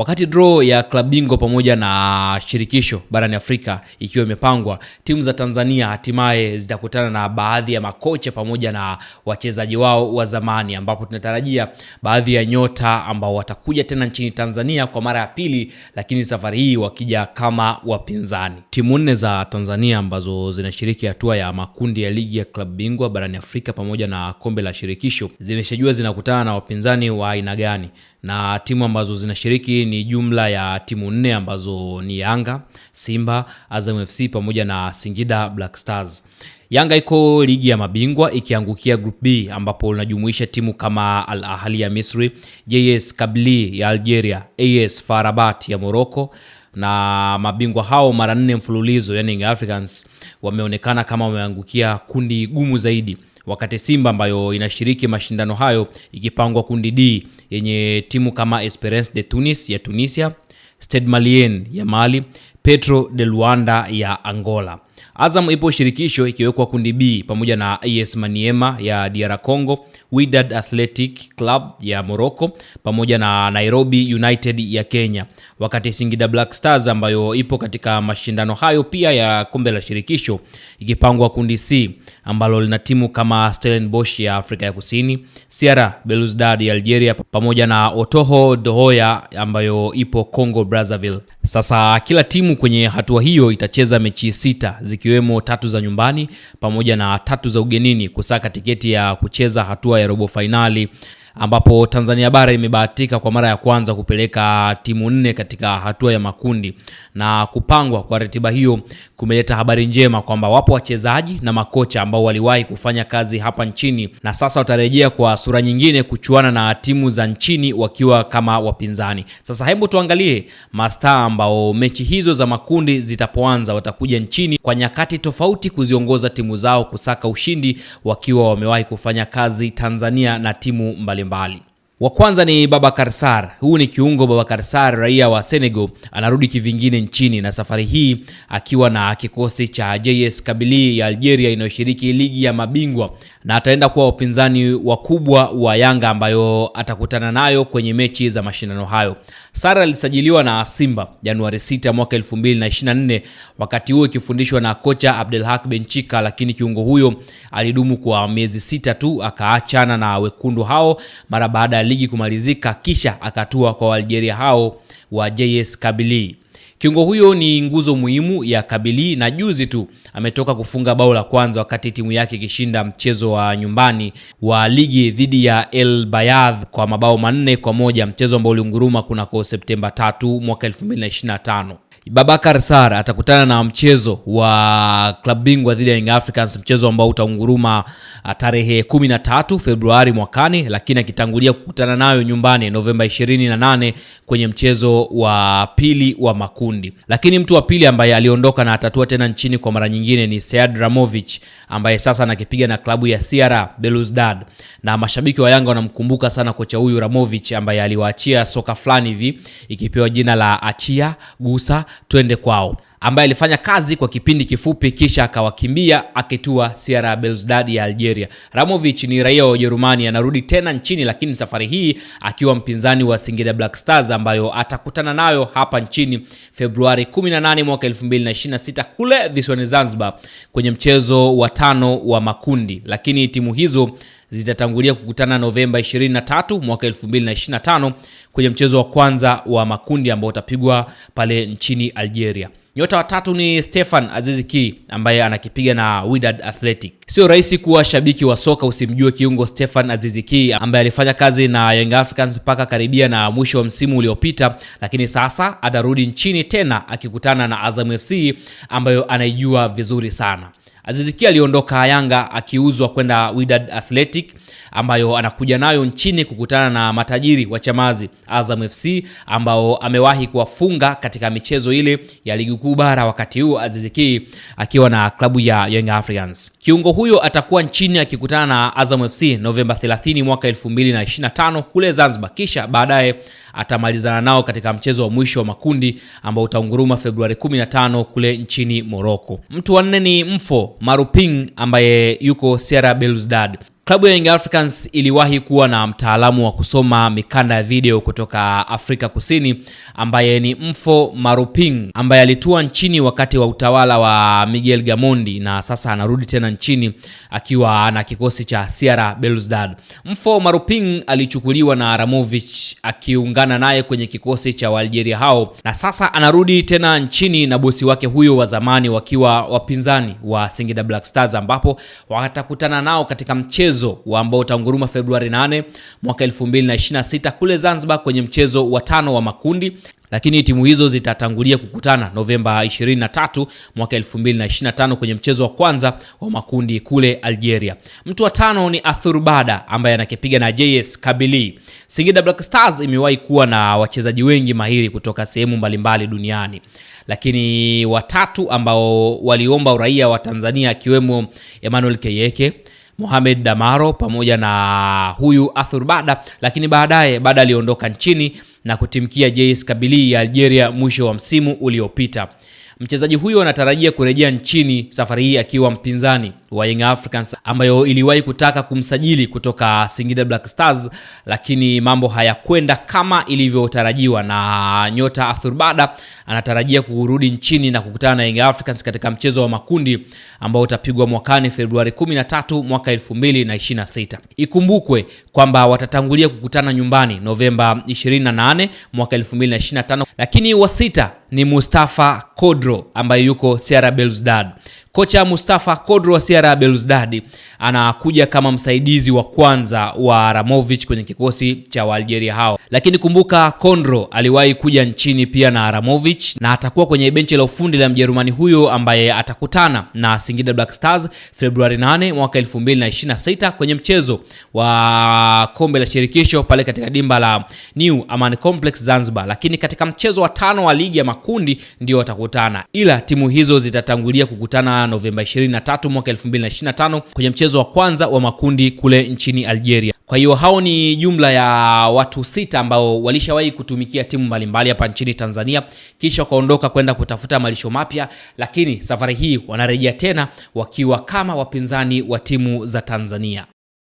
Wakati draw ya klab bingwa pamoja na shirikisho barani Afrika ikiwa imepangwa, timu za Tanzania hatimaye zitakutana na baadhi ya makocha pamoja na wachezaji wao wa zamani, ambapo tunatarajia baadhi ya nyota ambao watakuja tena nchini Tanzania kwa mara ya pili, lakini safari hii wakija kama wapinzani. Timu nne za Tanzania ambazo zinashiriki hatua ya makundi ya ligi ya klab bingwa barani Afrika pamoja na kombe la shirikisho zimeshajua zinakutana na wapinzani wa aina gani na timu ambazo zinashiriki ni jumla ya timu nne ambazo ni Yanga, Simba, Azam FC pamoja na Singida Black Stars. Yanga iko ligi ya mabingwa ikiangukia Group B ambapo linajumuisha timu kama Al ahali ya Misri, JS kabli ya Algeria, AS farabat ya Morocco na mabingwa hao mara nne mfululizo yani Africans wameonekana kama wameangukia kundi gumu zaidi wakati Simba ambayo inashiriki mashindano hayo ikipangwa kundi D yenye timu kama Esperance de Tunis ya Tunisia, Stade Malien ya Mali, Petro de Luanda ya Angola. Azam ipo shirikisho ikiwekwa kundi B pamoja na AS Maniema ya DR Congo, Wydad Athletic Club ya Morocco pamoja na Nairobi United ya Kenya, wakati Singida Black Stars ambayo ipo katika mashindano hayo pia ya kombe la shirikisho ikipangwa kundi C ambalo lina timu kama Stellenbosch ya Afrika ya Kusini, Sierra Belouizdad ya Algeria pamoja na Otoho Dohoya ambayo ipo Congo Brazzaville. Sasa kila timu kwenye hatua hiyo itacheza mechi sita zikiwa zikiwemo tatu za nyumbani pamoja na tatu za ugenini kusaka tiketi ya kucheza hatua ya robo fainali ambapo Tanzania bara imebahatika kwa mara ya kwanza kupeleka timu nne katika hatua ya makundi, na kupangwa kwa ratiba hiyo kumeleta habari njema kwamba wapo wachezaji na makocha ambao waliwahi kufanya kazi hapa nchini na sasa watarejea kwa sura nyingine kuchuana na timu za nchini wakiwa kama wapinzani. Sasa hebu tuangalie mastaa ambao mechi hizo za makundi zitapoanza watakuja nchini kwa nyakati tofauti kuziongoza timu zao kusaka ushindi wakiwa wamewahi kufanya kazi Tanzania na timu mbali mbalimbali. Wa kwanza ni babakar sar Huu ni kiungo Babacar Sarr, raia wa Senegal, anarudi kivingine nchini na safari hii akiwa na kikosi cha JS kabili ya Algeria inayoshiriki ligi ya mabingwa, na ataenda kuwa wapinzani wakubwa wa Yanga ambayo atakutana nayo kwenye mechi za mashindano hayo. sar alisajiliwa na Simba Januari 6 mwaka 2024, wakati huo ikifundishwa na kocha Abdelhak Benchika, lakini kiungo huyo alidumu kwa miezi sita tu akaachana na wekundu hao mara baada ligi kumalizika, kisha akatua kwa Algeria hao wa JS Kabili. Kiungo huyo ni nguzo muhimu ya Kabili na juzi tu ametoka kufunga bao la kwanza wakati timu yake ikishinda mchezo wa nyumbani wa ligi dhidi ya El Bayad kwa mabao manne kwa moja, mchezo ambao uliunguruma kunako Septemba 3 mwaka 2025. Babakar Sar atakutana na mchezo wa klabu bingwa dhidi ya Young Africans, mchezo ambao utaunguruma ah, tarehe 13 Februari mwakani, lakini akitangulia kukutana nayo nyumbani Novemba 28 kwenye mchezo wa pili wa makundi. Lakini mtu wa pili ambaye aliondoka na atatua tena nchini kwa mara nyingine ni Sead Ramovic ambaye sasa anakipiga na klabu ya CR Belouizdad, na mashabiki wa Yanga wanamkumbuka sana kocha huyu Ramovic ambaye aliwaachia soka fulani hivi ikipewa jina la achia gusa twende kwao, ambaye alifanya kazi kwa kipindi kifupi kisha akawakimbia akitua Sierra Belouizdad ya Algeria. Ramovich ni raia wa Ujerumani, anarudi tena nchini, lakini safari hii akiwa mpinzani wa Singida Black Stars ambayo atakutana nayo hapa nchini Februari 18 mwaka 2026 kule visiwani Zanzibar kwenye mchezo wa tano wa makundi, lakini timu hizo zitatangulia kukutana Novemba 23 mwaka 2025 kwenye mchezo wa kwanza wa makundi ambao utapigwa pale nchini Algeria. Nyota watatu ni Stefan aziziki ambaye anakipiga na Wydad Athletic. Sio rahisi kuwa shabiki wa soka usimjue kiungo Stefan aziziki ambaye alifanya kazi na Young Africans mpaka karibia na mwisho wa msimu uliopita, lakini sasa atarudi nchini tena akikutana na Azam FC ambayo anaijua vizuri sana. Aziziki aliondoka Yanga akiuzwa kwenda Wydad Athletic ambayo anakuja nayo nchini kukutana na matajiri wa Chamazi Azam FC ambao amewahi kuwafunga katika michezo ile ya ligi kuu bara, wakati huo Aziziki akiwa na klabu ya Young Africans. Kiungo huyo atakuwa nchini akikutana na Azam FC Novemba 30 mwaka 2025 kule Zanzibar, kisha baadaye atamalizana nao katika mchezo wa mwisho wa makundi ambao utaunguruma Februari 15 kule nchini Morocco. Mtu wa nne ni Mfo Maruping ambaye yuko Sierra Belouizdad. Klabu ya Young Africans iliwahi kuwa na mtaalamu wa kusoma mikanda ya video kutoka Afrika Kusini ambaye ni Mfo Maruping ambaye alitua nchini wakati wa utawala wa Miguel Gamondi na sasa anarudi tena nchini akiwa na kikosi cha Sierra Belouizdad. Mfo Maruping alichukuliwa na Aramovich akiungana naye kwenye kikosi cha Waalgeria hao na sasa anarudi tena nchini na bosi wake huyo wa zamani wakiwa wapinzani wa Singida Black Stars ambapo watakutana nao katika mchezo mchezo ambao utanguruma Februari 8 mwaka 2026 kule Zanzibar kwenye mchezo wa tano wa makundi lakini timu hizo zitatangulia kukutana Novemba 23 mwaka 2025 kwenye mchezo wa kwanza wa makundi kule Algeria. Mtu wa tano ni Bada ambaye anakipiga na JS Kabili. Singida Black Stars imewahi kuwa na wachezaji wengi mahiri kutoka sehemu mbalimbali duniani, lakini watatu ambao waliomba uraia wa Tanzania akiwemo Emmanuel Keyeke Mohamed Damaro pamoja na huyu Arthur Bada, lakini baadaye Bada aliondoka nchini na kutimkia JS Kabylie ya Algeria mwisho wa msimu uliopita. Mchezaji huyo anatarajia kurejea nchini safari hii akiwa mpinzani wa Young Africans ambayo iliwahi kutaka kumsajili kutoka Singida Black Stars, lakini mambo hayakwenda kama ilivyotarajiwa, na nyota Arthur Bada anatarajia kurudi nchini na kukutana na Young Africans katika mchezo wa makundi ambao utapigwa mwakani Februari 13 mwaka 2026. Ikumbukwe kwamba watatangulia kukutana nyumbani Novemba 28 mwaka 2025, lakini wasita ni Mustafa Kodro ambaye yuko Sierra Belouizdad. Kocha Mustafa Kodro wa CR beluzdadi anakuja kama msaidizi wa kwanza wa Aramovich kwenye kikosi cha Waalgeria hao, lakini kumbuka Kondro aliwahi kuja nchini pia na Aramovich na atakuwa kwenye benchi la ufundi la Mjerumani huyo ambaye atakutana na Singida Black Stars Februari 8 mwaka 2026 kwenye mchezo wa kombe la shirikisho pale katika dimba la New Aman Complex Zanzibar, lakini katika mchezo wa tano wa ligi ya makundi ndio watakutana, ila timu hizo zitatangulia kukutana Novemba 23 mwaka 2025 kwenye mchezo wa kwanza wa makundi kule nchini Algeria. Kwa hiyo hao ni jumla ya watu sita ambao walishawahi kutumikia timu mbalimbali hapa nchini Tanzania kisha wakaondoka kwenda kutafuta malisho mapya, lakini safari hii wanarejea tena wakiwa kama wapinzani wa timu za Tanzania.